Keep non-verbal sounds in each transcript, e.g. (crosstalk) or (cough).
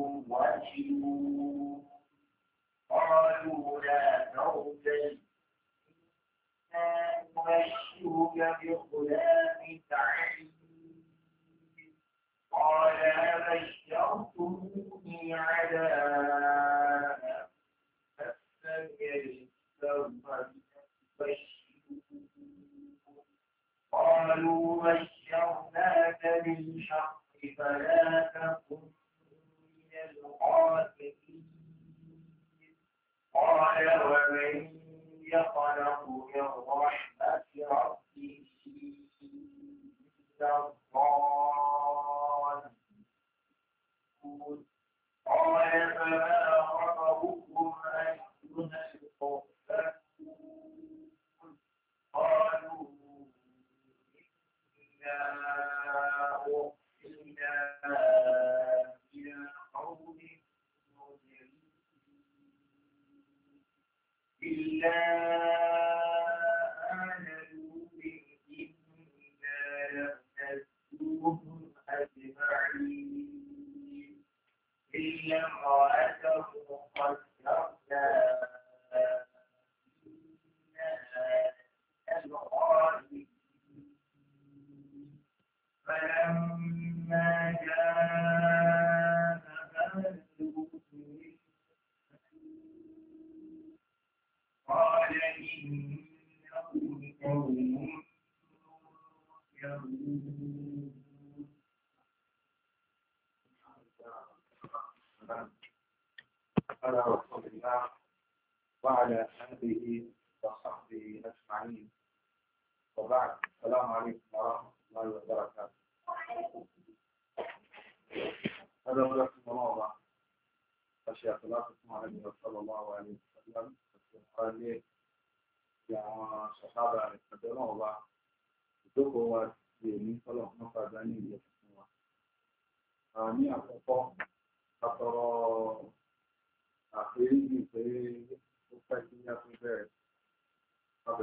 ربكم وانشدوا قالوا لا ترجل إنا نبشرك بغلام عليم قال أبشرتموني على أفسد أستغفر قالوا بشرناك بالحق فلا تكن الخاسرين قال ومن يخلق من رحمة ربه إلا الضالون قال فما خطبكم أيها الضالون قالوا إنا الله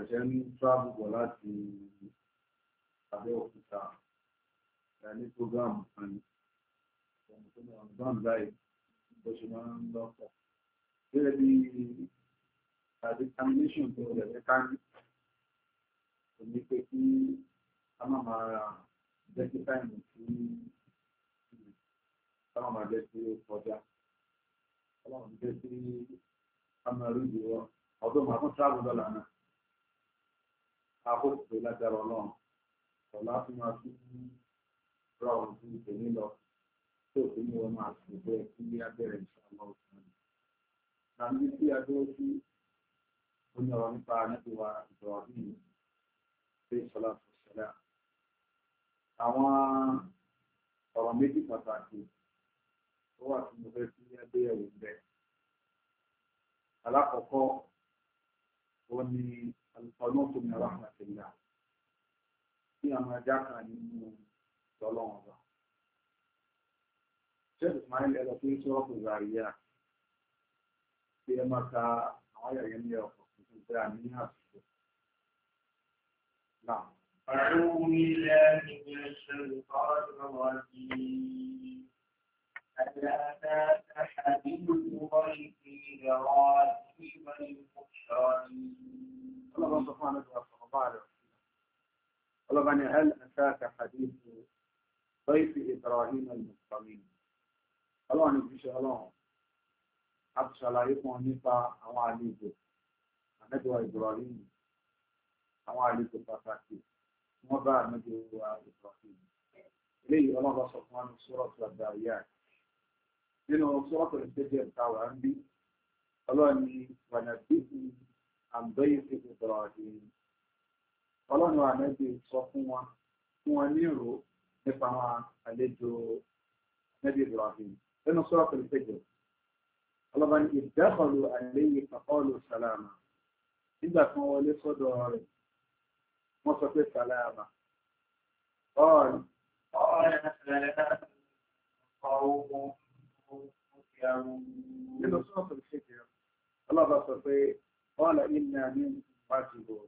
ṣẹ̀ṣẹ̀ ń travel bọ̀ láti Abẹ́òkúta ní programu kan ní ọmọ tó máa ń bá ń báyìí bó ṣe máa ń lọ́pọ̀. Gẹ́gẹ́ bí determination tó rẹ̀ fẹ́ ká ní kò ní pé kí a máa máa ra jẹ́kí táìmù tí a máa máa jẹ́ kí ó kọjá. Ọlọ́run jẹ́ kí a máa rí ìwọ ọdún máa fún travel dọ́là náà àkókò lágbára ọlọ́run ọ̀la tó máa fi ń rọ ọ̀run fún ìtẹ̀lé lọ tí òfin ni wọ́n máa sì bẹ́ẹ̀ kí ní abẹ́rẹ́ ìṣàlọ́ ọ̀sán. Nàbí tí a dúró sí oní ọ̀rọ̀ nípa níbi wa ìjọba yìí ṣe ìṣọ̀lá tó ṣẹlẹ̀. Àwọn ọ̀rọ̀ méjì pàtàkì tó wà tí mo fẹ́ sí ẹgbẹ́ ẹ̀wò bẹ́ẹ̀. Alákọ̀ọ́kọ́ ó ní alùpàlọ́tò ní rahmatillah ní àwọn ajá kan nínú tọ́lọ́wọ́n bá. Ṣéèdì Ismail ẹ̀rọ pé tí wọ́n kò rárí yá pé ẹ máa ka àwọn ayẹyẹ ní ọkọ̀ tuntun tí a ní àsìkò. Náà. أعوذ بالله من الشيطان الرجيم ألا تحدث ضيفي براءتي والمشركين ọlọ́bàá sọ fún àlejò àfọ̀mọ́bá rẹ̀ ọlọ́bàá ni hal ataka hadith ضيف إبراهيم المكرمين ọlọ́run ní fi ṣe ọlọ́run a ti ṣàlàyé fún ọ nípa àwọn àlejò àmẹ́jọwà Ibrahim àwọn àlejò pàtàkì tí wọ́n bá àmẹ́jọwà Ibrahim eléyìí ọlọ́run sọ fún ọmọ sọ́rọ̀tù àdáyà nínú sọ́rọ̀tù ìṣẹ́jẹ́ ìtawà ń bí ọlọ́run ní wàyà bíbí àgbẹ́yẹsẹ̀ Ibrahim ọlọ́run ànábì sọ fún wọn fún wọn ní ìró nípa àwọn àlejò ànábì Ibrahim lẹ́nu sọ́rọ̀ pẹ̀lú pẹ̀jọ ọlọ́ba ní ìdákọ̀lù àlẹ́yìn kàkọ́ọ̀lù sàlámà nígbà tí wọ́n wọlé sọ́dọ̀ rẹ̀ wọ́n sọ pé sàlámà ọ̀rọ̀ ọ̀rọ̀ nínú sọ́rọ̀ pẹ̀lú pẹ̀jọ ọlọ́ba sọ pé ọ̀là ìnà ní pàtì bọ̀.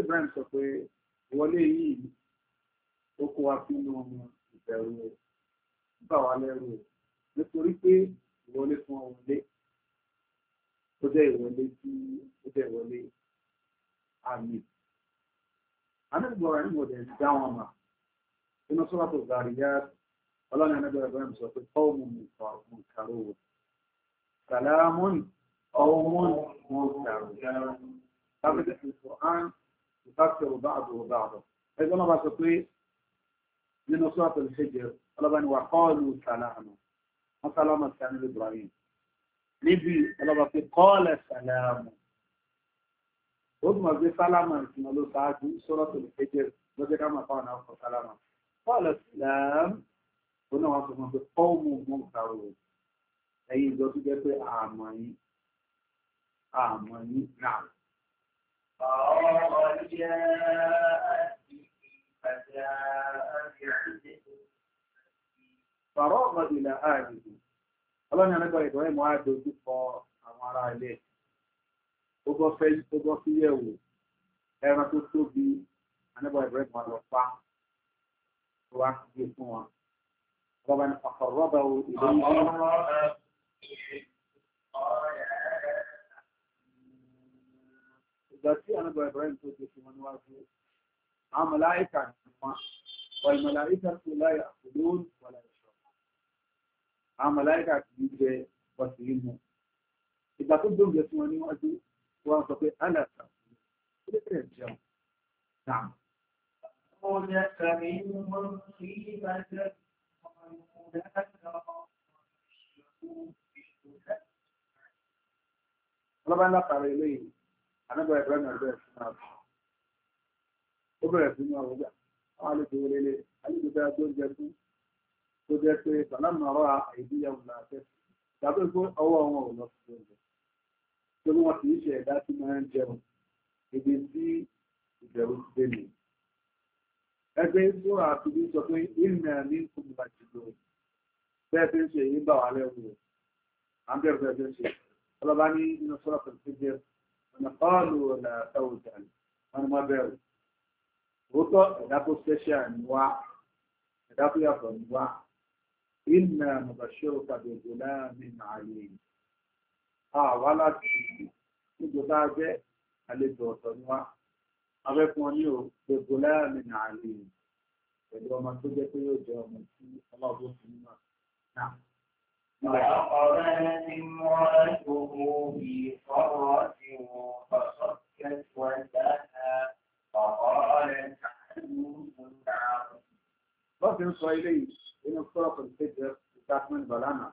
Ibrahim sọ pé ìwọlé yìí ó kó wa sínú ìbẹ̀rù rẹ̀ nígbà wà lẹ́rù rẹ̀ nítorí pé ìwọlé fún ọ wọlé ó jẹ́ ìwọlé tí ó jẹ́ ìwọlé àmì. Anábìbọ̀ rẹ̀ nígbà ọ̀dẹ̀ dá wọn mà inú sọ́wọ́ tó gàrí yá ọlọ́run anábìbọ̀ Ibrahim sọ pé kọ́ òun mú ìkàrò Salamun أو منكر يعني قبل القرآن يفسر بعضه بعضا إذا ما بسطي من سورة الحجر طلبا وقالوا سلاما وسلاما كان إبراهيم نبي طلبا قال سلام ثم بسلاما كما لو ساعد سورة الحجر وجد كما قال سلاما قال سلام هنا وصفنا بقوم منكرون أي ذو تجد أعمائي àmọ́ ní náà. ọ̀rọ̀ jẹ́ àti Fàrọ́ ọ̀gbọ̀n ìlà ààrùn. Ọlọ́run ẹ̀lẹ́gbọ̀n ìdọ̀rẹ́ mọ́ á dojú kọ àwọn ará ilé. Ó bọ́ sí yẹ̀wò ẹran tó tóbi anẹ́bọ̀ ìbẹ̀rẹ̀ mọ́ lọ pa tó wá gbé fún wọn. Rọ́bà ni ọ̀kọ̀ ìgbà tí anábọ̀ ibrahim tó ti fi wọn níwájú àwọn mọ̀láìkà wọn wà ìmọ̀láìkà tó láyà olóòrùn wàlà ìṣọ̀ àwọn mọ̀láìkà kì í jẹ ọ̀sẹ̀ ìmọ̀ ìgbà tó gbóúnjẹ tí wọn níwájú wọn sọ pé alàtà ó lè tẹ̀ jẹun náà. Mo yẹ kàrí mọ́ sí ìbàjẹ́ ọlọ́bàá ńlá tààrà eléyìí àdàbà ìbẹ̀rẹ̀ náà bẹ̀rẹ̀ sí máa bọ̀. ó bẹ̀rẹ̀ sí máa wọ́gbà àwọn àlejò rere àlejò bẹ́ẹ̀ tó jẹ fún tó jẹ pé bàlá màrọ́ àìdíyàwó là fẹ́ tàbí pé ọwọ́ wọn ò lọ sí oúnjẹ tó ní wọn kì í ṣe ẹ̀dá tí máa ń jẹun ibi tí ìbẹ̀rù ti dé nìyí ẹgbẹ́ ìṣúra àtúndì sọ pé ìrìnà ní kùnbà jùlọ bẹ́ẹ̀ fi ń yìí bá wà lẹ́wọ̀n rẹ̀ à ń bẹ̀rù bẹ́ẹ̀ fi ń ní inú sọ́rọ̀ pẹ̀lú nàkọ́ọ̀lù ọ̀nà ẹ̀wùjà wọn ni wọ́n bẹ̀rù òótọ́ ẹ̀dá tó special ni wá ẹ̀dá tó yàtọ̀ ni wá ìnà mọ̀bàṣẹ́rù tàbí ògbó náà ní màálù yìí àwa láti níbo tá a jẹ́ àlejò ọ̀tọ̀ ni wá abẹ́fún ọ gbogbo náà ní màálù pẹ̀lú ọmọ tó jẹ́ pé yóò jẹ́ ọmọ tí ọlọ́ọ̀bù fún mi náà. فأقبلت امرأته في صرة فصكت وجهها فقالت عجوز عظيم. لكن صايلين من الطرق الفجر بتاعت من بلانا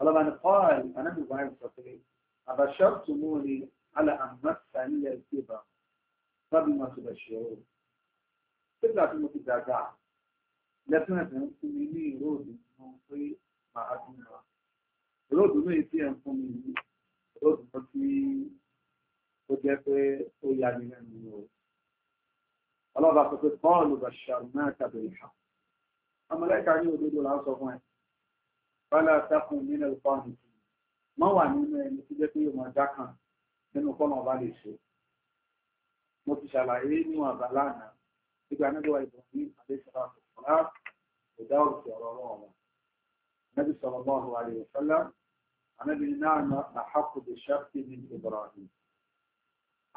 فلما قال أنا مبين صفي أبشرتموني على أن مسني الكبر فبما تبشرون تبدأ في المتدافع لكن أنا أقول لك máa dùn wá olóòtú náà ti ẹ̀ ń fún mi yìí olóòtú kan tí ó jẹ́ pé ó yá mi lẹ́nu o ọlọ́ba sọ pé bọ́ọ̀lù bàṣàrù náà tàbí ìhà ọmọlẹ́ka ní òdodo là ń sọ fún ẹ bọ́lá sákùn nínú ẹ̀kọ́ àmì mọ́ wà nínú ẹni tó jẹ́ pé yóò máa dá kan nínú kọ́nà ọba lè ṣe mo ti ṣàlàyé níwọ̀n àbá lánàá nígbà nígbà ìbọn ní àdéṣọ́ra kò dá òkè ọ̀rọ̀ ọ̀rọ̀ wọn Nabi sallallahu alayhi wa sallam anabi náà na hapu de ṣáfì ní Ibrahim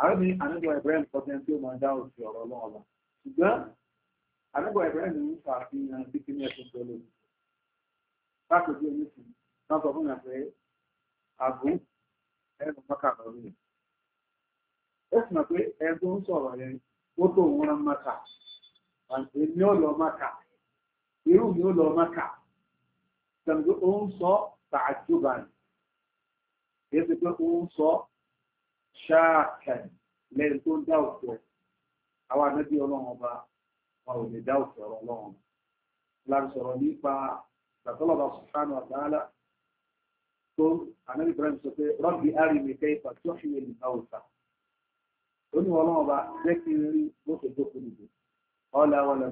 àrẹ́bí anábọ̀ Ibrahim kọjá tí ó máa dáhùn sí ọ̀rọ̀ ọlọ́run ọba ṣùgbọ́n anábọ̀ Ibrahim ń ṣàfihàn títí ní ẹ̀sùn tó lórí lákòókò ẹni sì náà sọ fún ìyàpẹ́ àbú ẹnu mọ́kà lọ́rùn rẹ̀ ó sì mọ̀ pé ẹgbẹ́ ń sọ̀rọ̀ rẹ̀ ó tó òun rán mọ́kà èmi ó lọ mọ́kà irú mi ó lọ mọ́kà tẹ̀lé ó ń sọ tààjúbàn kìí ṣe pé ó ń sọ ṣáàkàn lẹ́yìn tó ń dá òkú àwọn ànábì ọlọ́run ọba wọn ò lè dá òkú ọ̀rọ̀ ọlọ́run láti sọ̀rọ̀ nípa ìgbàtọ́lọ́ba sùfánù àdáálà tó ànábì ibrahim sọ pé rọ́bì arìnrìn kẹ́yìfà tó fi lè nìkan òòtà ó ọlọ́run ọba jẹ́ kí n rí lóṣù tó kù nìbò ọ̀là wàlà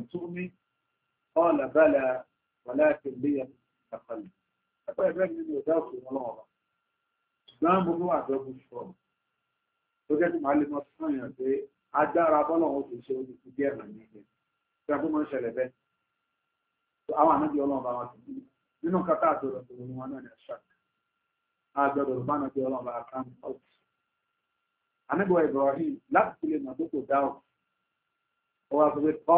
tó àkàlù ẹgbẹ́ ẹgbẹ́ mi ni ọ̀dá òkè wọn lọ́wọ́ ṣùgbọ́n mo ní wà dọ́gbù fún ọ tó jẹ́ kí màá lè mọ fún èèyàn pé agbára bọ́lọ̀ wọn kò ṣe ojú díẹ̀ hàn ní ilé tí a kó mọ́ ṣẹlẹ̀ bẹ́ẹ̀ àwọn àmì ọlọ́run bá wọn ti bí nínú kátà àtọ̀rọ̀ tó ní wọn náà ní àṣà àgbẹ̀rọ̀ bá bá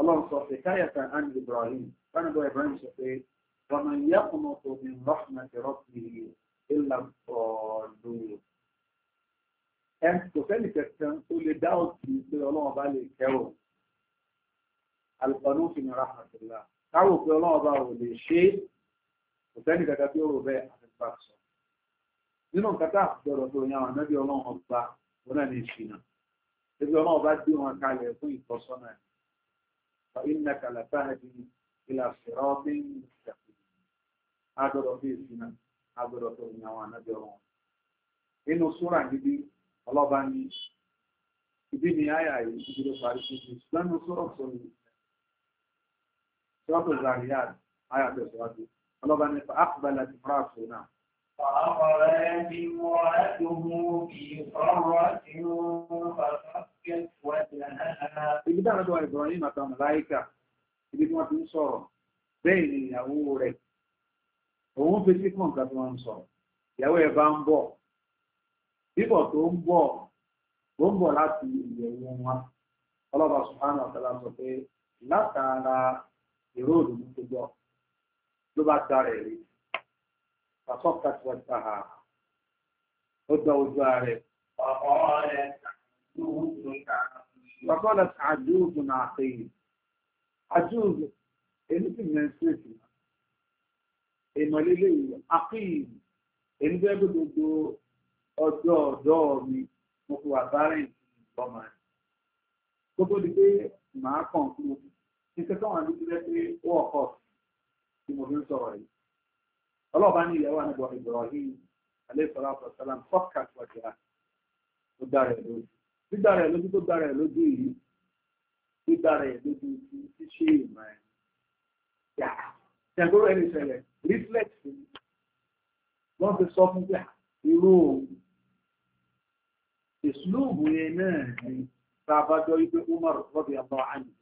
ọlọ́run sọ fẹ́ káyàtà án Ibrahim فأنا بقى إبراهيم يوسف إيه؟ ومن يقنط من رحمة ربه إلا الضالون. أنت تسألني كريستيان تقول لي داوت يقول الله بقى لي كون. القانون من رحمة الله. تعالوا في الله بقى لشيء وتاني كده تقولوا بقى في الفرصة. Nínú kata ọ̀rọ̀ tó yàn wọn, ẹbí ọlọ́run ọba wọn náà ní ìṣìnà. Ẹbí ọlọ́run ọba dín wọn kalẹ̀ fún ìtọ́sọ́nà ẹ̀. Ọ̀yìn náà kalẹ̀ fún àdínì. ìlà sìrọ́ọ̀tì mustaqim agbọ́dọ̀ bí ìsinmi agbọ́dọ̀ tó إنه àwọn ànábẹ́ wọn inú súra níbi ọlọ́ba ní ìdí ni àyà yìí ti dúró parí sí ti lẹ́nu súra sọ ní sọ́tò zariyad àyà tẹ̀síwájú ọlọ́ba ní fa akbala ti fara sọ náà. فأخذت امرأته في صرة فصفت وجهها. إذا دعا إبراهيم ملائكة ibi tí wọ́n ti ń sọ̀rọ̀ bẹ́ẹ̀ ni ìyàwó rẹ̀ òun fetí fún nǹkan tí wọ́n ń sọ̀rọ̀ ìyàwó ẹ̀ bá ń bọ̀ bíbọ̀ tó ń bọ̀ tó ń bọ̀ láti ìyẹ̀wò wọn ọlọ́ba subhanahu wa sọ pé látara ìró òdòdó tó gbọ́ ló bá dára rí pàṣọ́kà tí wọ́n ta ó dá ojú ààrẹ. ọ̀ọ́ rẹ̀ ṣàdúró tó náà ṣe àjúùzù èyí sì mẹ́sìlẹ̀tì ìmọ̀lélẹ̀ àfíìm èyí bẹ́ẹ̀ bí gbogbo ọjọ́ ọ̀dọ́ mi mo fi wà bárẹ̀ ìgbọ́mọ rẹ̀ gbogbo di pé màá kàn fún mi ní kẹ́kọ̀ọ́ àwọn àdúgbò rẹ̀ pé ó ọ̀kọ̀ tí mo fi ń sọ̀rọ̀ yìí ọlọ́ọ̀bá ní ìyàwó àná Ibrahim alayhi salatu wassalam fọ́ọ̀kà tó dára lójú tó dára lójú yìí gbígbára ẹ̀ lójú ti ṣíṣe ìmọ̀ ẹ̀. Yàrá ṣàgbọ́rọ̀ ẹni ṣẹlẹ̀ reflex ni wọ́n fi sọ fún gbà irú òun. Ìsúlùmù yẹn náà ni tá a bá jọ wípé Umar Rọ́bì Abọ́ Àyè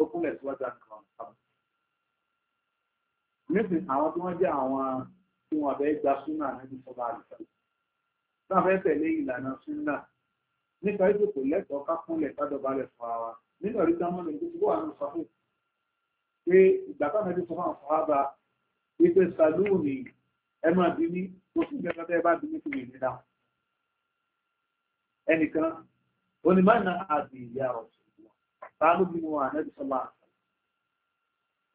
ó kúnlẹ̀ síwájú àkàn sábà. Nísìnyí àwọn tí wọ́n jẹ́ àwọn tí wọ́n abẹ́ gba súnà níbi sọ́ba àlùfẹ́. Náà fẹ́ tẹ̀lé ìlànà súnà nípa ètò lẹ́tọ̀ọ́ ká kúnlẹ̀ ká dọ̀bálẹ̀ fún wa nínú ẹ̀rí tí wọ́n mọ́ lẹ́yìn tó wà ní sọ́fún pé ìgbà táwọn ẹbí sọ fún àwọn ọba ife salúùnì ẹ máa bí ní kò sí ìgbà tẹ́ bá bí ní fún ìlú náà ẹnìkan onímọ̀nà àti ìyá ọ̀sùn wọn táwọn bí wọn ànábì sọ máa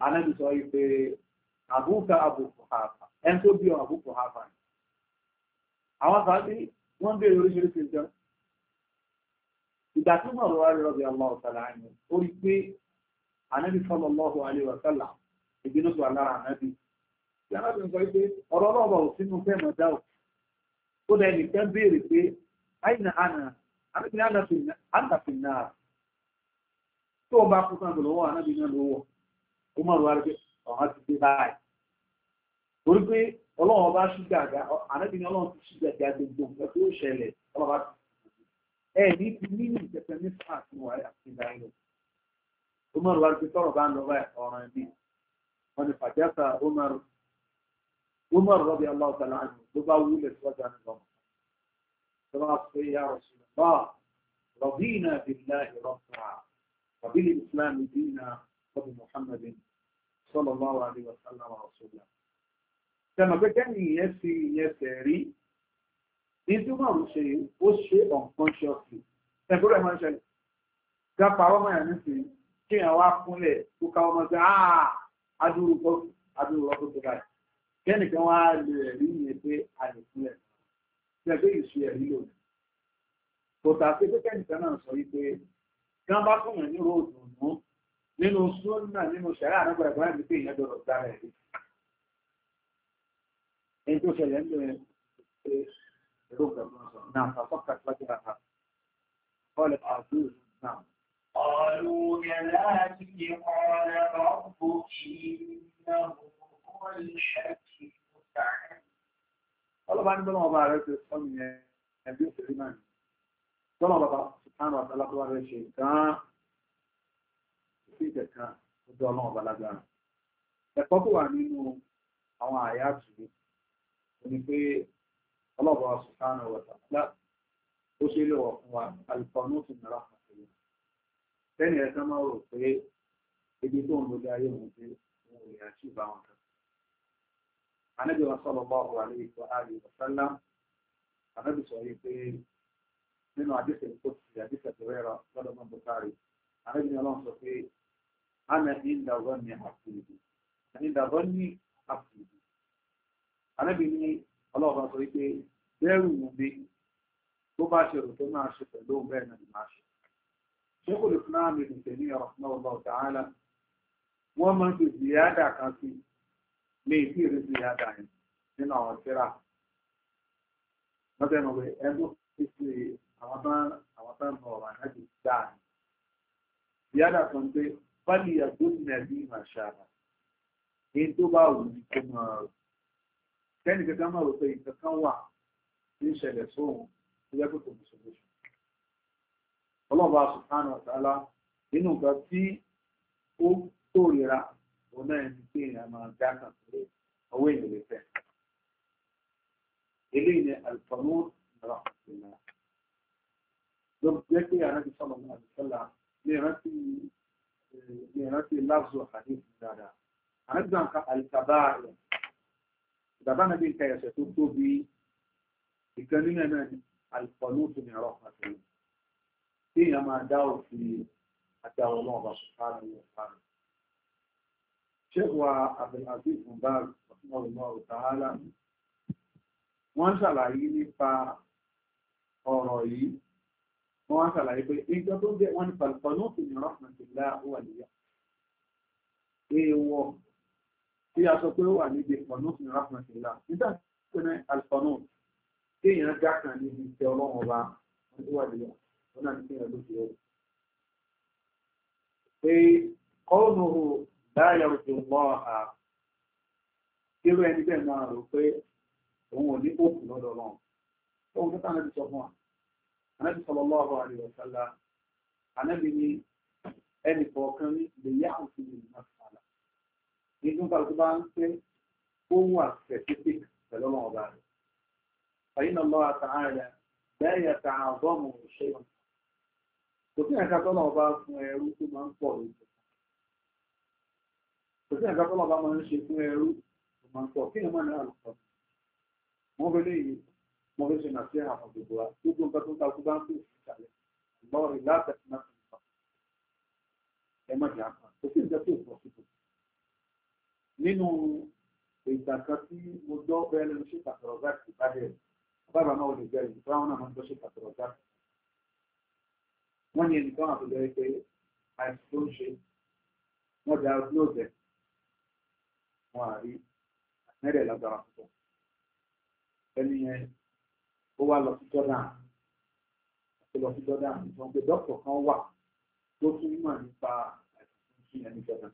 ànábì sọ ife àbúkà àbùkù hàfà ẹn tó bí ọ àbùkù hàfà àwọn sáà bí oríṣiríṣi nǹkan ìgbà tó mọ̀ lọ́wọ́ rọ́bì aláwọ̀ sàlá ni ó rí pé ànábì sọ́lọ́ lọ́wọ́ alẹ́ wàsálà ìbínú tó alára ànábì yàrá tó ń sọ pé ọ̀rọ̀ ọlọ́ọ̀bà ò sínú fẹ́ mọ̀ dá o ó dẹ̀ nìkan béèrè pé àyìnà àná ànábì náà àǹtàfì náà tó o bá kú sáà lọ́wọ́ ànábì náà lọ́wọ́ ó mọ̀ lọ́wọ́ rẹ̀ pé ọ̀hán ti dé báyìí torí pé ọlọ́wọ́ bá ṣúgà ànábì náà ọlọ́wọ́ ti ṣúgà àgbègbè nǹkan tó ṣẹlẹ̀ ọlọ́wọ́ ẹ̀ẹ́dì ti ní ní ìtẹ̀tẹ̀ ní sáà tí wọ́n wáyé àti ìdáyẹ̀wò. Umar wá gbé sọ̀rọ̀ bá ń lọ bá ọ̀ràn ẹ̀bí. Wọ́n ní fàjẹ́sà Umar Umar rọ́bì aláwọ̀tàlá àná ló bá wúlẹ̀ síwájú àná lọ́mọ. Ṣé wàá pé ya Rasulullah rọ̀bìnà billahi rọ̀bà rọ̀bìnà ìsìlámù dínà rọ̀bì Muhammadin sallallahu alaihi wa sallam rọ̀ṣùlá. Ṣé màgbẹ́kẹ́ nìyẹn fi ìyẹn fẹ̀ rí ní tí wọ́n ṣe ó ṣe unconsciously ẹgbẹ́rẹ́ máa ń ṣẹlẹ̀ gápa ọmọ yẹn nísìnyí kí yẹn wá kúnlẹ̀ kó ká ọmọ sí ah, adúrúkọ adúrúkọ tó báyìí kẹ́nìkan wá lè rí yẹn pé a lè kúnlẹ̀ ṣẹgbẹ́ ìṣe ẹ̀rí lò kò tà sí pé kẹ́nìkan náà sọ wípé kí wọ́n bá fún yẹn ní ròdù nù nínú súnà nínú ṣẹ̀rá àná gbàgbọ́ ẹ̀mí pé ìyẹn dọ̀rọ̀ dára ẹ̀rí. ẹni tó ṣẹlẹ̀ ń lò ربما نعم ففكرت وجهها قالت أعجوز نعم قالوا كذلك قال ربك إنه هو الحكيم الله بعد ما بعرف الصم نبي سليمان طلب الله سبحانه وتعالى قال شيء كان في كان ọ̀dọ̀ Ọlọ́run ọba lágbára ẹ̀kọ́ tó wà nínú àwọn àyà àtúndì ó ní pé ọlọ́bọ̀ ṣùkánà wọ̀tàlá ó ṣe lè wọ̀ fún wa alìkọ̀ọ́nù ti nira àtìlẹ́ tẹ́nì ẹ̀ka máa rò pé ibi tó ń lórí ayé òun pé òun ò yà sí ìbáwọn kan anábì wọn sọ̀rọ̀ bá ọ̀rọ̀ àlẹ́ ìtọ́ àlè ìwọ̀sálá anábì sọ yìí pé nínú àdìsẹ̀ tó ti àdìsẹ̀ tó rẹ̀ lọ́dọ̀ mọ́ bukari anábì ni ọlọ́run sọ pé ana ìdàgbọ́n ni àfìlì àfìlì anábì ni ọlọ́ọ̀bá sọ wípé bẹ́ẹ̀rù mú bí tó bá ṣe rò tó máa ṣe pẹ̀lú bẹ́ẹ̀ náà ni máa ṣe ṣékò lè fún àmì ìdìtẹ̀ ní ọ̀rọ̀ náà ọba ọ̀tà áńlá wọ́n máa ń fi ziyada kan sí ní ìdí ìrí ziyada yẹn nínú àwọn tíra wọ́n tẹ́nu ẹgbẹ́ ìṣe àwọn àwọn tán ń ọ̀rọ̀ àjáde dáa ziyada kan pé bá ní ẹgbẹ́ ìrìn àbí ìmọ̀ كان في جامعة روتين تتنوع إنشاء اليسوم ويقول بسوش الله بقى سبحانه وتعالى إنه قد في أبطولي رأى هنا يمكن أما جاكا أوين اللي فيه إلينا الفنور رحمة الله لو بيكي أنا صلى الله عليه وسلم لأنتي لأنتي لفظ حديث هذا أنا أقول الكبائر دابانا بين كايا ستوتو بي يكلمنا من القنوط من روحنا كلمة إيه ما داو في أداو الله سبحانه وتعالى شيخوا عبد العزيز من بار رحمه الله تعالى وانسى لعيني فا أوروي وانسى لعيني إن تبدو دي وانسى القنوط من رحمة الله هو اليوم إيه هو tí a sọ pé ó wà níbi ìpọ̀nú fún ìrápọ̀nìlá nígbà tí ó ní alfọ̀nù tí èèyàn já kan níbi ìtẹ́ ọlọ́run ọba ọdúnwàdìyà ó náà ní kí èèyàn ló fi ọ̀rọ̀. pé kọ́ọ̀nùhù dáyà òjò mọ́ ọ̀hà irú ẹni bẹ́ẹ̀ máa rò pé òun ò ní òkú lọ́dọ̀ ọlọ́run tóun tó tánà ti sọ fún wa anábì sallallahu alaihi wa sallam anábì ni ẹnì kọ̀ọ̀kan lè yá nítorí pàtó bá ń fẹ́ ó wà specific pẹ̀lú ọmọ ọba rẹ̀. fàyínà lọ́wọ́ àtàárẹ̀ lẹ́yìn àtàrà ọgọ́mù ṣe wọn. kò sí ẹ̀ka tọ́lọ̀ ọba fún ẹrú tó máa ń pọ̀ lójú. kò sí ẹ̀ka tọ́lọ̀ ọba máa ń ṣe fún ẹrú tó máa ń pọ̀ kí ni wọ́n ní àlùkò. wọ́n fi léyìí mo fi ṣe nà sí àwọn gbogbo wa gbogbo nǹkan tó ń ta kú bá ń pè fún ìṣàlẹ̀ ìgbọ́rọ̀ ìlà nínú ìgbà kan tí mo gbọ́ bẹ́ẹ̀ lẹ́nu ṣe pàtàkì láti ìbàdàn bàbá máa wọlé jẹ́ ìgbà wọn náà máa ń gbọ́ ṣe pàtàkì láti. wọ́n ní ẹnìkan àtúndọ̀ ẹ pé àìsàn tó ń ṣe wọ́n da ojú ọ̀bẹ wọn àrí mẹ́rẹ̀ lágbára púpọ̀. ẹni yẹn ó wá lọ sí Jordan ó lọ sí Jordan ìtàn pé dókítà kan wà tó tún mọ̀ nípa àìsàn tó ń ṣe ẹni Jordan.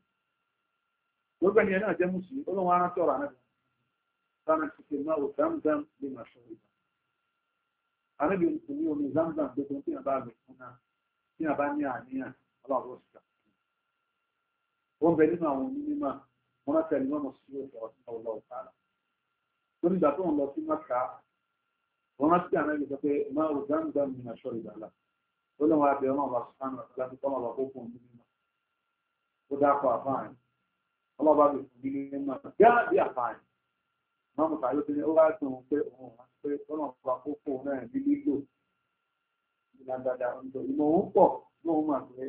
lọ́gbẹ́ ni ẹ náà jẹ́ mùsùlùmí ọlọ́run arántí ọ̀rọ̀ anábì sáà ti fi máa wò zamzam ní màṣọ ìgbà anábì kò ní omi zamzam gbogbo tí a bá gbẹ fún náà tí a bá ní àníyàn ọlọ́run ọ̀sùn kan wọ́n bẹ nínú àwọn onímọ̀ wọn láti ẹni wọn mọ̀ sí ọ̀rọ̀ ọ̀tàrà lórí ìgbà tó ń lọ sí mọ́ta wọn láti anábì sọ pé máa wò zamzam ní màṣọ ìgbà lá ọlọ́run abẹ ọlọ́run ọ̀sùn ọlọ́ba mi kò dín ní mọ̀ gáàbí àbáyé máa mú tàbí obìnrin ó láti òun pé òun wá pé ọ̀nà ọ̀pá kókó náà ní lílò ìlàgbàdà ọ̀dọ̀ ìmọ̀ òun pọ̀ lóun máa pé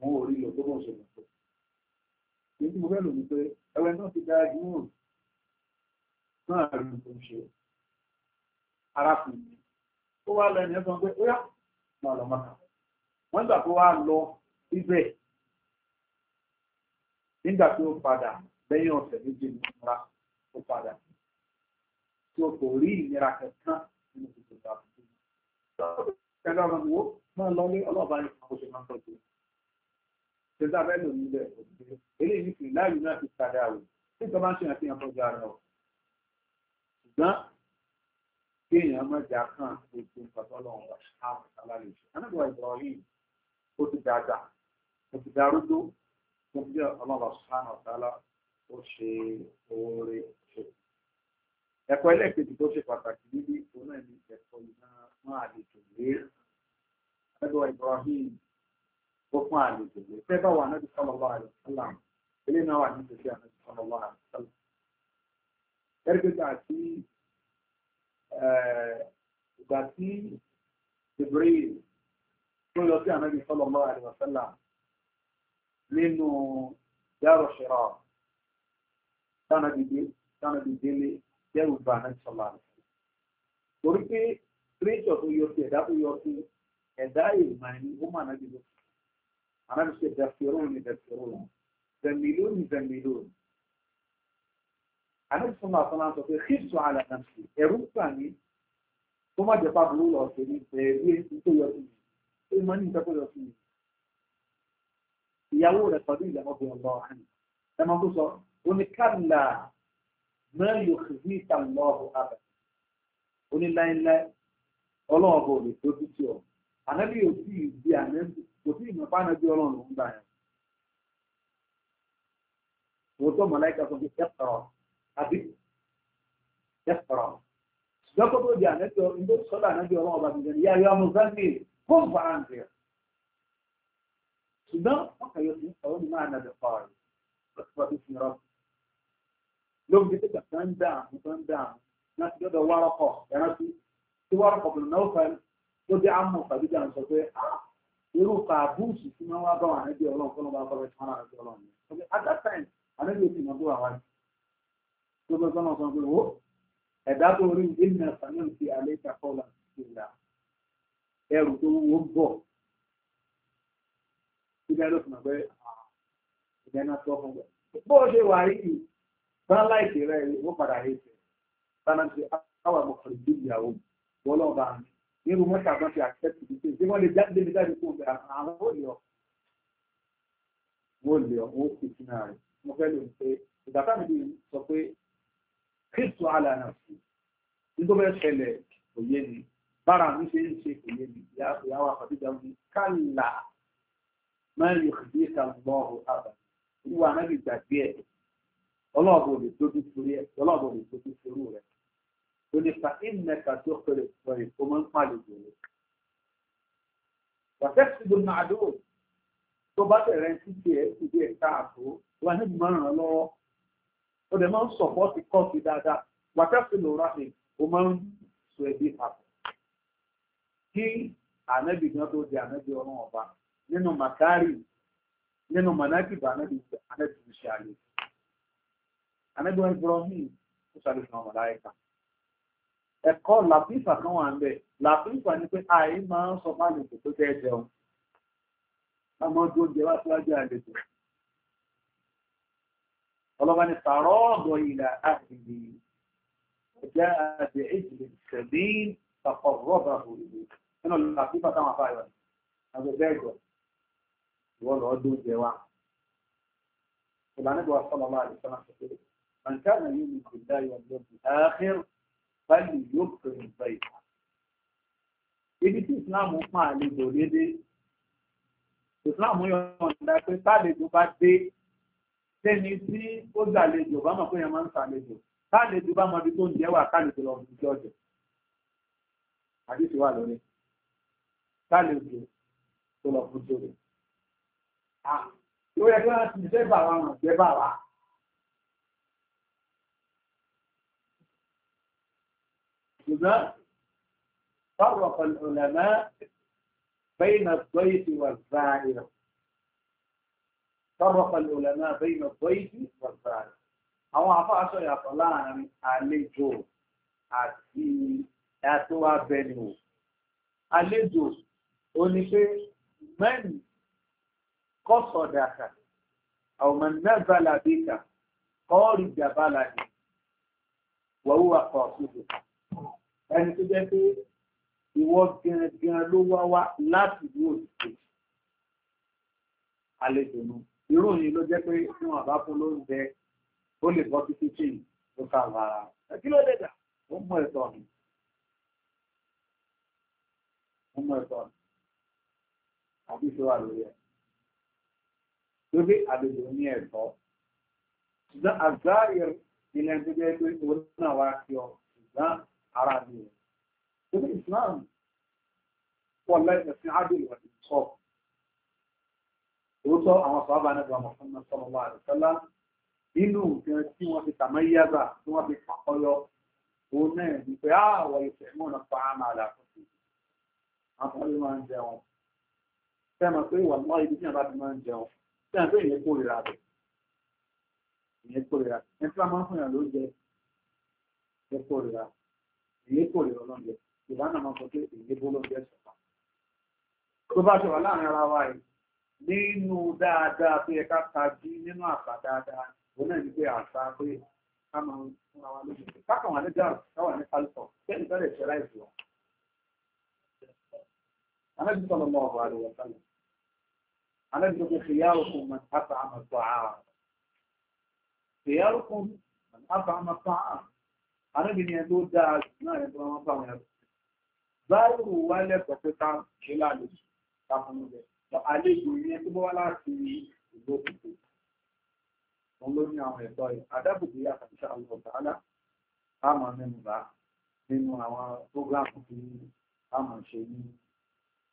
òun ò rí lò tó mọ̀ ṣẹlẹ̀ pé èyí tí mo fẹ́ lò ní pé ẹwẹ́ náà ti dára jù mọ̀ náà rí tó ń ṣe arákùnrin ó wá lọ ẹni ẹ pé ó yá máa lọ máa wọ́n gbà tó wá lọ síbẹ̀ nígbà tí ó padà lẹ́yìn ọ̀sẹ̀ méjì ní ìnira ó padà tí o kò rí ìnira kankan nínú gbogbo ìgbà tuntun. Ṣẹ́gbẹ́ ọmọ mi wo máa lọ lé ọlọ́ọ̀bá ní ìfọwọ́ ṣe máa ń tọ́jú. Ṣẹ́gbẹ́ abẹ́ lò nílẹ̀ òdìdí. Eléyìí ní kìí láàyè náà ti padà rò. Nígbà máa ń ṣèyàn kéèyàn tọ́jú ara rẹ̀. Ṣùgbọ́n kéèyàn máa jà kàn gbogbo nǹkan lọ́wọ́ àwọn àlàlejò. Anábọ̀ ìbọ̀rọ̀ yìí tó bí ọlọ́run sùhánà tààlà ó ṣe oore ṣe. ẹ̀kọ́ ẹlẹ́ẹ̀kejì tó ṣe pàtàkì níbi ìkó náà ní ẹ̀kọ́ iná máa àlejò lé ẹ̀dọ̀ Ibrahim ó fún àlejò lé fẹ́ bá wà náà sallallahu alaihi wasallam ilé náà wà ní ìṣẹ̀ṣẹ̀ àná sallallahu alaihi wasallam. ẹ̀rẹ́gbẹ̀gbà àti ìgbà tí Ibrahim tó lọ sí àná sallallahu alaihi wasallam nínú yàrá ṣẹ̀rọ̀ tánàbìdé tánàbìdélé jẹ́rù bá náà sọ̀lá rẹ̀. torí pé kírísítọ̀ tó yọ sí ẹ̀dá tó yọ sí ẹ̀dá ìmọ̀ ẹni ó mà náà dìbò. ànábi ṣe dàfẹ́rò ní dàfẹ́rò ní zẹ̀mílò ní zẹ̀mílò ní. ànábi sọ̀rọ̀ àtọ́nà sọ pé kírísítọ̀ àlànà sí ẹ̀rú pàmì tó má jẹ́ pàbùrù lọ sí ní bẹ̀rẹ̀ tó yọ sí mi. ó máa ń ní ìtàkùn yọ sí mi ìyàwó rẹ̀ pẹ̀lú ìyàwó bí ọlọ́ àná ẹmọ tó sọ oníkàlà mẹ́rin òkèèrè ìtàlọ́ọ̀hún abẹ oníláìláì ọlọ́run kò lè tó títí ọ ànábì ò tí ì di ànábì kò tí ì mọ̀ fáwọn ẹbí ọlọ́run ló ń gbà yẹn. wọ́n tó mọ̀láìka sọ pé ẹ̀fọ̀rọ̀ àbí ẹ̀fọ̀rọ̀ ṣùgbọ́n kó tó di ànábì ọlọ́run ló sọ́dọ̀ ànábì ọlọ́run ọba ṣùgbọ́n wọ́n kàn yọ sí ọ̀rọ̀ mi máa nàbẹ̀ pa ọ̀rọ̀ lọ́sibọ́dún fún irọ́ lóbi tí kàkà ń dà ń tó ń dà láti dọ́dọ̀ wárọ́kọ̀ yàrá sí tí wárọ́kọ̀ bìnrin náà fẹ́ tó dé àmọ̀ tàbí dà ń sọ pé ah, irú kàbúùsì tí wọ́n wá bá wọn àníbi ọlọ́run kọ́ ló bá bọ́ bẹ́ẹ̀ tí wọ́n náà àníbi ọlọ́run yẹn. at that tó wà wáyé ìgbẹ́ ló fún ọgbẹ́ ìgbẹ́ náà tó fún ọgbẹ́. bó ṣe wà rí yìí bá láìsí rẹ̀ ó padà rí ṣe bára ṣe àwọn àgbọ̀kọ̀rọ̀ ìdí ìyàwó bọ́lọ̀ bá mi nírú mọ́tà bá ṣe àkẹ́tì ìdíje tí wọ́n lè jáde mi jáde kó bẹ̀rẹ̀ àwọn ò lè ọ̀ wọ́n lè ọ̀ wọ́n fi sínú rẹ̀ mo fẹ́ lò pé pé kristu máa ń yọ̀kùdí ìtàgbọ́ àbá ìwà náà lè gbàgbé ẹ̀ ọlọ́ọ̀bù ò lè dójú sórí ẹ̀ ọlọ́ọ̀bù ò lè dójú sórí rẹ̀ ó lè fa ìmẹ̀ka tó pẹ̀lú ìfọ̀ ìfọ̀ máa ń pàlejò rẹ̀ wàtẹ́sì ló máa dúró tó bá bẹ̀rẹ̀ títí ẹ̀ ìdí ẹ̀ káàtó wà ní ìmọ̀ ràn lọ́wọ́ ó dẹ̀ máa ń sọ̀pọ́ọ̀tì kọ́ọ̀tì dáadáa wàtẹ́sì ló rà ní ó máa ń sọ ẹbí papọ̀ kí ànábì náà tó di ànábì ọlọ́run ọba nínú makari nínú manakiba anabi anabi ṣàlẹ anabi wọn Ibrahim ó ṣàlẹ fún ọmọ láyéka ẹ̀kọ́ làfífà kan wà ń bẹ làfífà ni pé àyè máa ń sọ bá àlejò tó jẹ jẹun àmọ́ tó jẹ wá síwájú àlejò ọlọ́ba ni tààrọ́ ọ̀dọ̀ ilà àgbègbè ẹ̀jẹ̀ àti ìjìnlẹ̀ ìṣẹ̀lẹ̀ ìpapọ̀ rọ́bà òwúrọ̀ nínú làfífà táwọn afáyọ̀ àgbẹ̀bẹ̀ ẹ̀gọ́ wọ́n lọ́ọ́ dóúnjẹ wa. ìlànà ìgbà sọ́nà máa lè sọ́nà kékeré man kana yu'minu billahi wal yawmil akhir falyukrim dayfahu. ibi tí islam fún àlejò lédè islam yọ̀ǹda pé tálejò bá dé sẹ́ni tí ó gbàlejò bá mọ̀ pé yẹn máa ń sàlejò tálejò bá mọ̀ bí tó ń jẹ́ wà kálejò lọ fi jọ́jọ́ àdìsí wà lórí tálejò tó lọ fún jọ́jọ́ ló yẹ kí wọ́n ti jẹ́ bàbá wọn jẹ́ bàbá. ṣùgbọ́n báwo kan ọ̀lẹ́mọ́ bẹ́yìn àgbọ́yé ti wà záàrì فرق العلماء بين الضيف والزائر àwọn afáàṣọ yàtọ̀ láàrin àlejò àti ẹ̀tọ́ abẹnuwò àlejò ó ní pé mẹ́rin قصدك أو من نزل بك قال جبله وهو قاصدك ẹni tó jẹ́ pé ìwọ gangan ló wá wá láti ìlú òṣìṣẹ́ àlejò nù irú yìí ló jẹ́ pé tí wọ́n bá fún lóúnjẹ ó lè bọ́ sí kíchìn tó ká lára kí ló dé dà ó mú ẹ̀tọ́ ni ó mú ẹ̀tọ́ ni àbí ṣe lórí ẹ̀ tó gbé àlejò ní ẹ̀tọ́ ṣùgbọ́n àzáyẹ̀rù ilẹ̀ tó jẹ́ pé òun náà wá kí ọ ṣùgbọ́n ara mi ò tó gbé Islam pọ̀ lẹ́yìn ẹ̀sìn ádùn ìwà ti sọ òótọ́ àwọn sọ́ọ́bà náà gba Muhammad sallallahu alaihi wasallam nínú nǹkan tí wọ́n fi tàmọ́ yáza tí wọ́n fi pàkọ́yọ òun náà ní pé àwọn ìfẹ́ mọ́nà pa á máa dà fún àwọn ọmọ yìí máa ń jẹun fẹ́ẹ́ mọ̀ ti máa ń jẹun tí a ń pè ní kórìíra rẹ̀ ìyẹn kórìíra ẹni tí wọ́n máa ń fún yàn ló jẹ ẹ kórìíra ìyẹn kórìíra lọ́njẹ ìbáná máa sọ pé ìyẹn bó lọ́njẹ sọ̀tà tó bá ṣọ̀rọ̀ láàrin ara wa yìí nínú dáadáa tó yẹ ká tají nínú àṣà dáadáa òun náà ní pé àṣà pé ká máa ń fún wa lójú kákan wà ní dáàbò káwà ní kálífọ̀ kẹ́ni fẹ́rẹ̀ ṣẹlá ìfọ̀ Ànábì sallallahu alaihi wa sallam anábìnrin khiyarukum man at'ama at-ta'am khiyarukum man at'ama at-ta'am anábìnrin ẹ̀ ló dáa náà ẹ̀ tó máa ń fáwọn ẹ̀rọ báwo wá lẹ́kọ̀ọ́ pé ká ṣe lálejò ká fún un bẹ́ẹ̀ àlejò yẹn tó bọ́ wá láti ìlú òkùnkùn òun ló ní àwọn ẹ̀tọ́ yìí adábòbí àkàtúnṣe àwọn ọ̀tàlá á máa mẹ́nu bá nínú àwọn prógráàmù tí a máa ṣe ní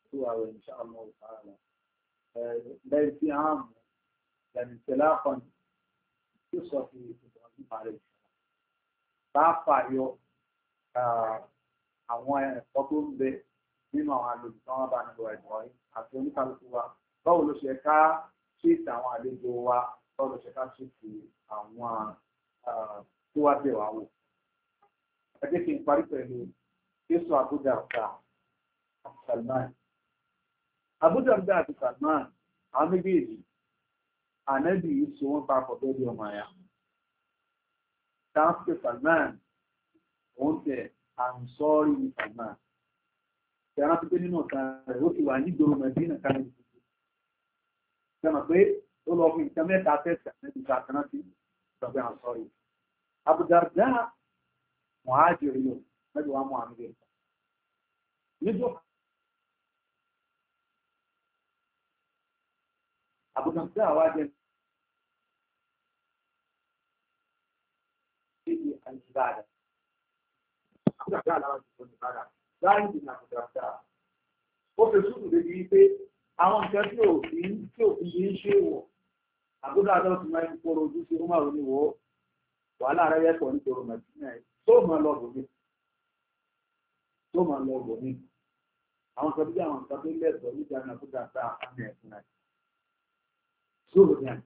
tó àwọn ìṣàmọ̀ ليس عام يعني انطلاقا قصة إبراهيم عليه السلام pàápàá yọ àwọn ẹ̀kọ́ tó ń bẹ nínú àwọn àlejò tí wọ́n bá nílò ẹ̀kọ́ yìí àti oníkálukú wa báwo ló ṣe ká ṣètì àwọn àlejò wa báwo ló ṣe ká ṣètì àwọn ah, tó wá bẹ̀ wá wò. ẹ jẹ́ kí n parí pẹ̀lú jésù àbújá ọ̀tá àti salman abúdàgbà àti salman àwọn méjèèjì ànẹ́bì yìí so wọ́n papọ̀ lórí ọmọ àyà dáńpẹ́ salman òun tẹ̀ àǹsọ́rí ní salman tẹ̀rán pípé nínú ọ̀tá rẹ̀ ó ti wà nígboro mẹ́dínà kan ní ìdíje sẹ́mọ̀ pé ó lọ fi nǹkan mẹ́ta tẹ̀sà níbi kàkàná sí ìjọba àǹsọ́rí abúdàgbà mọ̀hájì rí o mẹ́jọ wa mọ̀ àmì àbùkàn sí àwọn àjẹ níbi àìsíbáàdà àbùkàn sí àwọn àjẹ ìbáàdà láàrin ìdìbò àbùkàn ó fi sùkùn débi wípé àwọn nǹkan tí ò fi tí ò fi yé ṣe wọ̀ àbúrò àdáwọ̀ tí máa ń kóró ojú sí ó máa ronú wọ́ wàhálà rẹ̀ yẹ́pọ̀ nítorí màdínà ẹ̀ tó máa lọ bò mí tó máa àwọn kan àwọn nǹkan tó lẹ́sọ̀ọ́ nígbà náà dáadáa á ní زهدا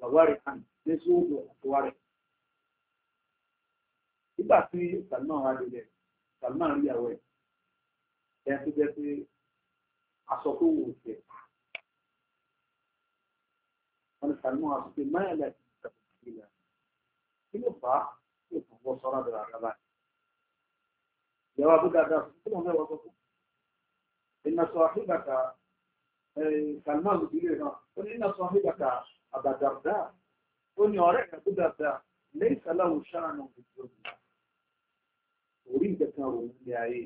وورعا لزهد وورع nígbà tí Salman wà lulẹ̀ Salman rí àwẹ̀ ẹ̀ tó jẹ́ pé aṣọ tó wò jẹ́ wọn ni Salman wà sọ pé máa ẹ̀ láti ìjọba ìjọba kí ló fà á kí ló fà wọ́ sọ́ra bẹ̀rẹ̀ àgbà ìyàwó abúlé àdá fún kí ló ń bẹ̀ wọ́n sọ fún ìnáṣọ àfíìgbàta Eh, Salman ìdílé náà ó ní iná sọ nígbàtà àbàdàrdà ó ní ọ̀rẹ́ rẹ̀ tó dáadáa lẹ́yìn sáláwù ṣáàánú ìjọba orí ìjẹkan òun ní ayé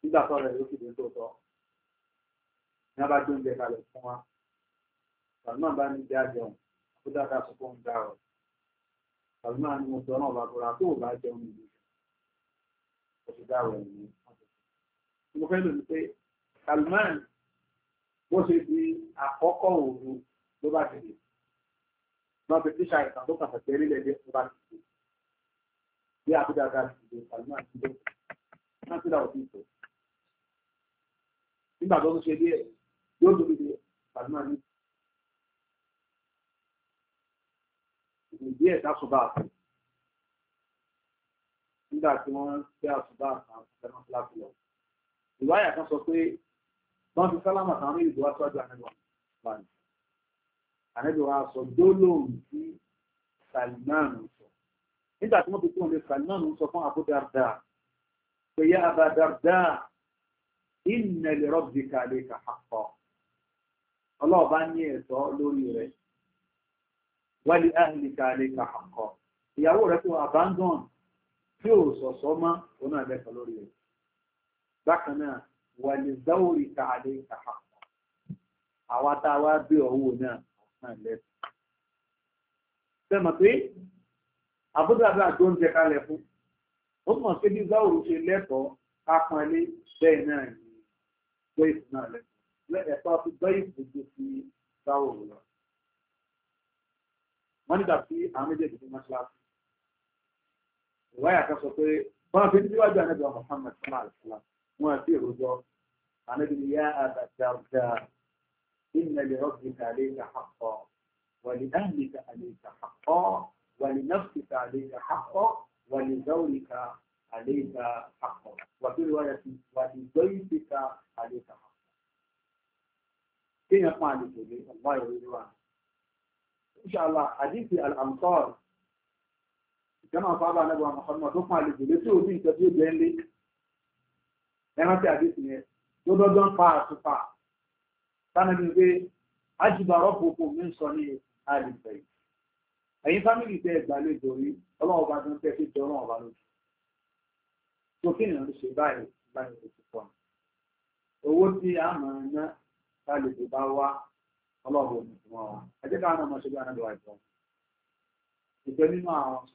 nígbà tó rẹ̀ ló fi dé tóótọ́ ní abá gbé oúnjẹ kalẹ̀ fún wa Salman bá ní já jẹun tó dáadáa sọ fún ga ọ Salman ní mo sọ náà bá kóra tó bá jẹun nìyí oṣù dáwọ̀ ẹ̀yìn mo fẹ́ lò ní pé Salman bó ṣe di àkọ́kọ́ òru ló bá ti dì wọ́n fi tíṣà ìtàn tó kàn fẹ̀sẹ̀ nílẹ̀ ilé tó bá ti dì bí abúdáda ti dì Salman ti dì wọ́n ti dà òfin tó nígbà tó ń ṣe díẹ̀ yóò dúró di Salman ní ìdí ẹ̀ dá àti nígbà tí wọ́n ń fẹ́ àsùbá àti àwọn ìfẹ́ náà láti ìwáyà kan sọ pé wọ́n fi sálámà sàánú ìlú wá tọ́jú ànẹ́bọ̀ wàlú ànẹ́bọ̀ wa sọ gbólóhùn sí Salman sọ nígbà tí wọ́n fi kúrò lé Salman sọ fún Abu Darda pé yá Abu Darda inna li rabbika alayka haqqan ọlọ́ọ̀bá ní ẹ̀tọ́ lórí rẹ̀ wali ahlika alayka haqqan ìyàwó rẹ̀ kò abandon tí ò sọ̀sọ́ mọ́ òun náà lẹ́tọ̀ọ́ lórí rẹ̀ bákan náà wàlìzáwòrì káàdé kàá àwa tá a wá bí ọwọ́ náà ọ̀sán lẹ́sùn. sẹ́mọ̀ pé àbúdàdà tó ń jẹ kalẹ̀ fún ó mọ̀ sí bí záwòrì ṣe lẹ́tọ̀ọ́ kápọnlé bẹ́ẹ̀ náà ní gbẹ́ìfù náà lẹ́sùn ẹ̀tọ́ fi gbẹ́ìfù tó fi záwòrì lọ. wọ́n nígbà tí àwọn méjèèjì ní mọ́ṣáláṣí ìwáyà kan sọ pé wọ́n fi ń díwájú ànábì ما في أنا بن يا أبا الدرداء إن لربك عليك حقا ولأهلك عليك حقا ولنفسك عليك حقا ولزوجك عليك حقا وفي الرواية ولضيفك عليك حقا كيف يقال الله يريد إن شاء الله حديث الأمصار كما قال نبي محمد ثم لجلسه من كثير ذلك ẹran tí àdéhùn yẹn tó dọ́dọ́n pa àtúpa sanabi pé àjùbàrọ̀ kòkò mi ń sọ ní àdìsẹ́ yìí ẹ̀yin fámìlì tẹ ìgbàlejò rí ọlọ́wọ́ bá tó ń tẹ́ jọ lójú tó kí ṣe báyìí báyìí ti owó tí a ná bá wá ká ṣe bí ìjọ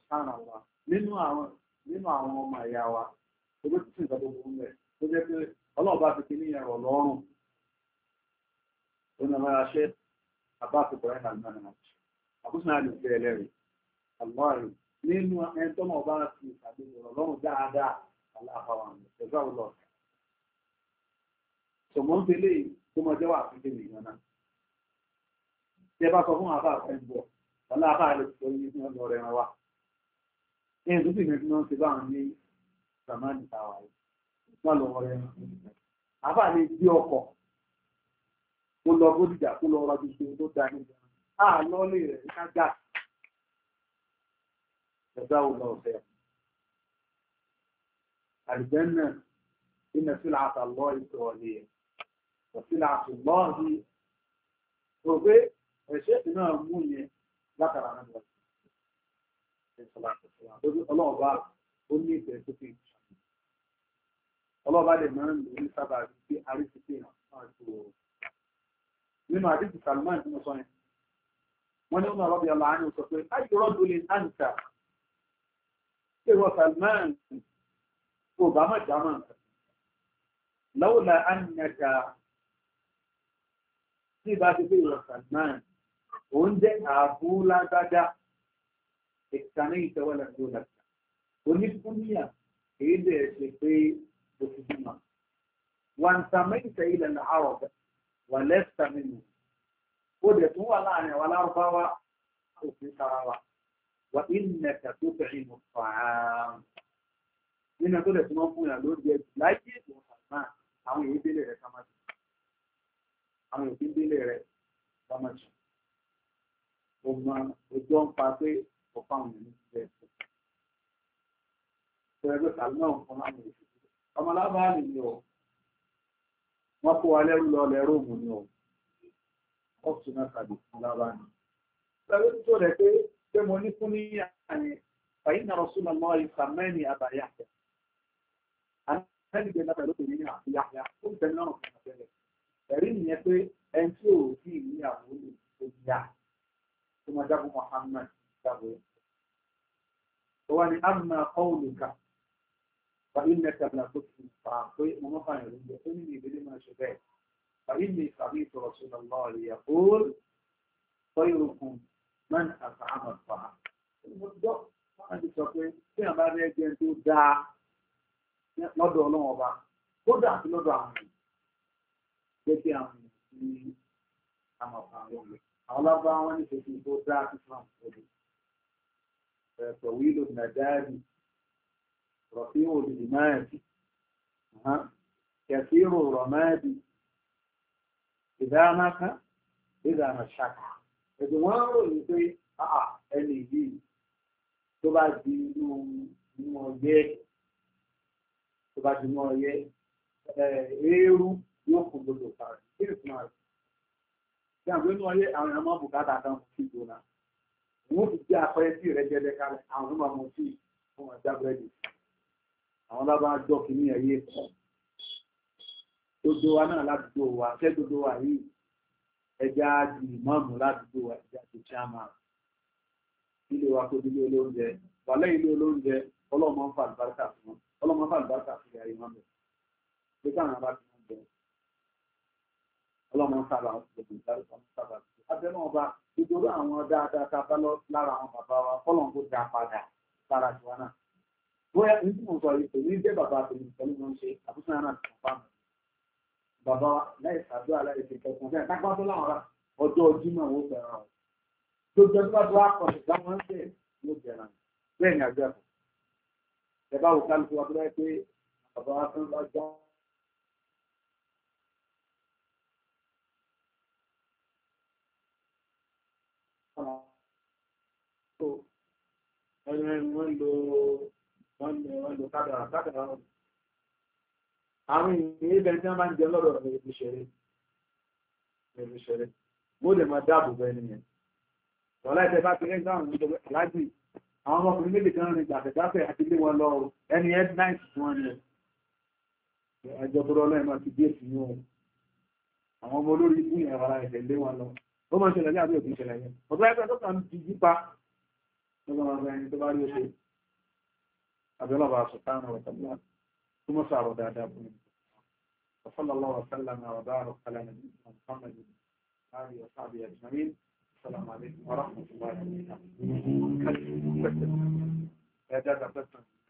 nínú àwọn tó jẹ́ pé ọlọ́ọ̀bá ti kí ní ẹ̀rọ lọ́rùn ó ní ọmọ aṣẹ àbáàkù kọ̀rẹ́ àlùmọ́nà àti àkóso náà lè fẹ́ ẹlẹ́rìí àlùmọ́rin nínú ẹni tó mọ̀ bá ti ìpàdé ọ̀rọ̀ lọ́rùn dáadáa aláfàwọn ẹ̀gbá ọlọ́ sọmọ́ ń tẹ̀lé tó mọ jẹ́wọ́ àfikẹ́ nìyẹn náà tẹ́ bá sọ fún àbá àfẹ́ǹbọ̀ aláfà lè sọ yìí ní ọ̀rẹ́ wa ní ìdúsìn ní ti náà ti wọ́n lọ rẹ̀ àbá lè gbé ọkọ̀ kó lọ bódìjà kó lọ rọ gbogbo tó da nígbà á lọ lè rẹ̀ kájà ẹ̀dá ò lọ bẹ̀. àlùjẹ́nà iná sílá àtàlọ́ ìtọ̀ọ̀lẹ̀ ọ̀sílá àtùlọ́ yìí rò pé ẹ̀ṣẹ́ náà mú yẹn látara náà lọ ọlọ́ọ̀bá ó ní ìfẹ́ tó fi jù ọlọ́ba lè máa ń lò ní sábà sí àríṣìṣe ìrànlọ́wọ́ àti òòrùn nínú àdéhùn Salman tí mo sọ yẹn wọ́n ní ọmọ ọlọ́bí ọlá àánú sọ pé àìrọ́ tó lè àǹtà èrò Salman kò bá mọ̀ jámọ̀ lọ́wọ́lá àǹyàkà tí ìbá ti pé èrò Salman òun jẹ́ ààbò lágbájá ìtàní ìtẹ́wọ́lẹ̀ tó lọ́ta onífúnníyà èyí bẹ̀rẹ̀ ṣe pé bó ti bímọ. wàǹtàmẹ́ǹtẹ̀ ilẹ̀ làárọ̀ wà lẹ́sítà nínú. ó dẹ̀ tún wà láàrin àwọn alárúbáwá òfin tara wa. wà ìnẹ̀kà tó bẹ̀rẹ̀ mọ̀ fàá. nínú tó dẹ̀ tún wọ́n fún yàrá lóúnjẹ àwọn èyí délé rẹ̀ ọmọ ojú ọ̀n pa pé ọ̀pá àwọn ènìyàn ti bẹ̀rẹ̀ sọ. sọ ẹgbẹ́ sàlùmọ́ ń lò sí ọmọlábàálì ni ọ wọ́n kó wa lẹ́rú lọ lẹ́rú ògùn ni ọ ọ̀tún náà tàbí ọmọlábàálì. Ìgbàgbé tó rẹ̀ pé pé mo ní fún ní àyè fàyín náà rọ̀sùn lọ́mọ ìfàmẹ́ni àbàyà. Àná ìgbẹ́ náà pẹ̀lú òní ní àfihàn tó ń tẹ̀lé ọ̀rọ̀ kan tẹ́lẹ̀. Ẹ̀rí nìyẹn pé ẹni tí ò rí ìníyàwó ni ó yá. Tó máa jábọ̀ Mùhàmmad jábọ̀. Ó wá ní فإنك لا تطفي الطعام ومطعم يقولني بلما شبعت فإني سمعت رسول الله يقول خيركم من أطعم الطعام wọ́n ti sọ pé tí wọ́n bá rẹ́ jẹ́ tó dáa lọ́dọ̀ ọlọ́run ọba kódà àti lọ́dọ̀ àwọn èèyàn jẹ́ kí àwọn èèyàn ní àwọn ọ̀pá àwọn wọn ní ṣe kí n tó ẹ̀fọ̀ wílò nàdáàbì رفيع الجماد كثير الرماد إذا مات إذا مشك ẹ̀dùn wọn ròyìn pé ẹni yìí tó bá di inú ọyẹ tó bá di inú ọyẹ eérú yóò kún gbogbo sáré kí ni fúnra rẹ kí àwọn inú ọyẹ àwọn èèyàn máa bùkátà kan fún ìgbò náà wọn fi jẹ àpẹẹrẹ tí ìrẹjẹdẹ kalẹ̀ àwọn ọmọ ọmọ tí wọn jábọ ẹdùn sí. àwọn lábá gbọ́ kí ní ẹ̀yẹ dodo wa náà wa fẹ́ dodo wa yìí ẹja di ìmọ̀ọ̀mù wa ẹja di chairman ilé wa kó dílé olóúnjẹ wàlẹ́ ilé olóúnjẹ ọlọ́mọ ń fa àlùbáríkà fún wọn ọlọ́mọ ń fa àlùbáríkà fún ìyá ìmọ̀ bẹ̀ káwọn bá ti jẹ ọlọ́mọ ń sábà gbogbo ìdárúkọ ń sábà gbogbo abẹ́nú ọba àwọn dáadáa lára àwọn bàbá wa bóyá ní tí mo sọ yìí tèmi jẹ́ bàbá tèmi pẹ̀lú wọn ṣe àbúṣe náà ti kàn fáàmù bàbá wa láì ṣàdúrà láì ṣe kẹsàn-án bẹ́ẹ̀ ká gbọ́dọ̀ láwọn ra ọjọ́ Jímọ̀ wo bẹ̀rẹ̀ wọn lójú ọjọ́ tó wá kọ̀ ṣùgbọ́n wọn ṣe ló bẹ̀rẹ̀ bẹ́ẹ̀ ni àgbẹ̀ kù ẹ bá wò kálukú wa tó bá pé bàbá wa tó ń bá já ẹ̀rọ ẹ̀ lo Àwọn ènìyàn ibẹ̀ tí wọ́n bá ń jẹ lọ́dọ̀ rẹ̀ ibi ṣẹ̀rẹ̀. Ibi ṣẹ̀rẹ̀. Mo lè máa dáàbò bẹ ènìyàn. Wọ́n láìpẹ́ bá ti rẹ́gbẹ́ àwọn ìjọba aláàjì. Àwọn ọmọkùnrin méjì kan rìn gbàfẹ̀gbàfẹ̀ àti ilé wọn lọ ẹni ẹ́ náìs wọn ni. Ẹjọ́ búrọ́ ọlọ́run máa ti dé sí yún wọn. Àwọn ọmọ olórí ikú yẹn ara ẹ̀sẹ̀ lé wọn lọ. ẹni tó bá rí abẹ́lọ́ba sọ̀tánà ọ̀tọ̀lá tó mọ́ sàrọ̀ dáadáa وصلى الله وسلم وبارك على نبينا محمد وآله وصحبه أجمعين السلام عليكم ورحمة الله وبركاته. (laughs)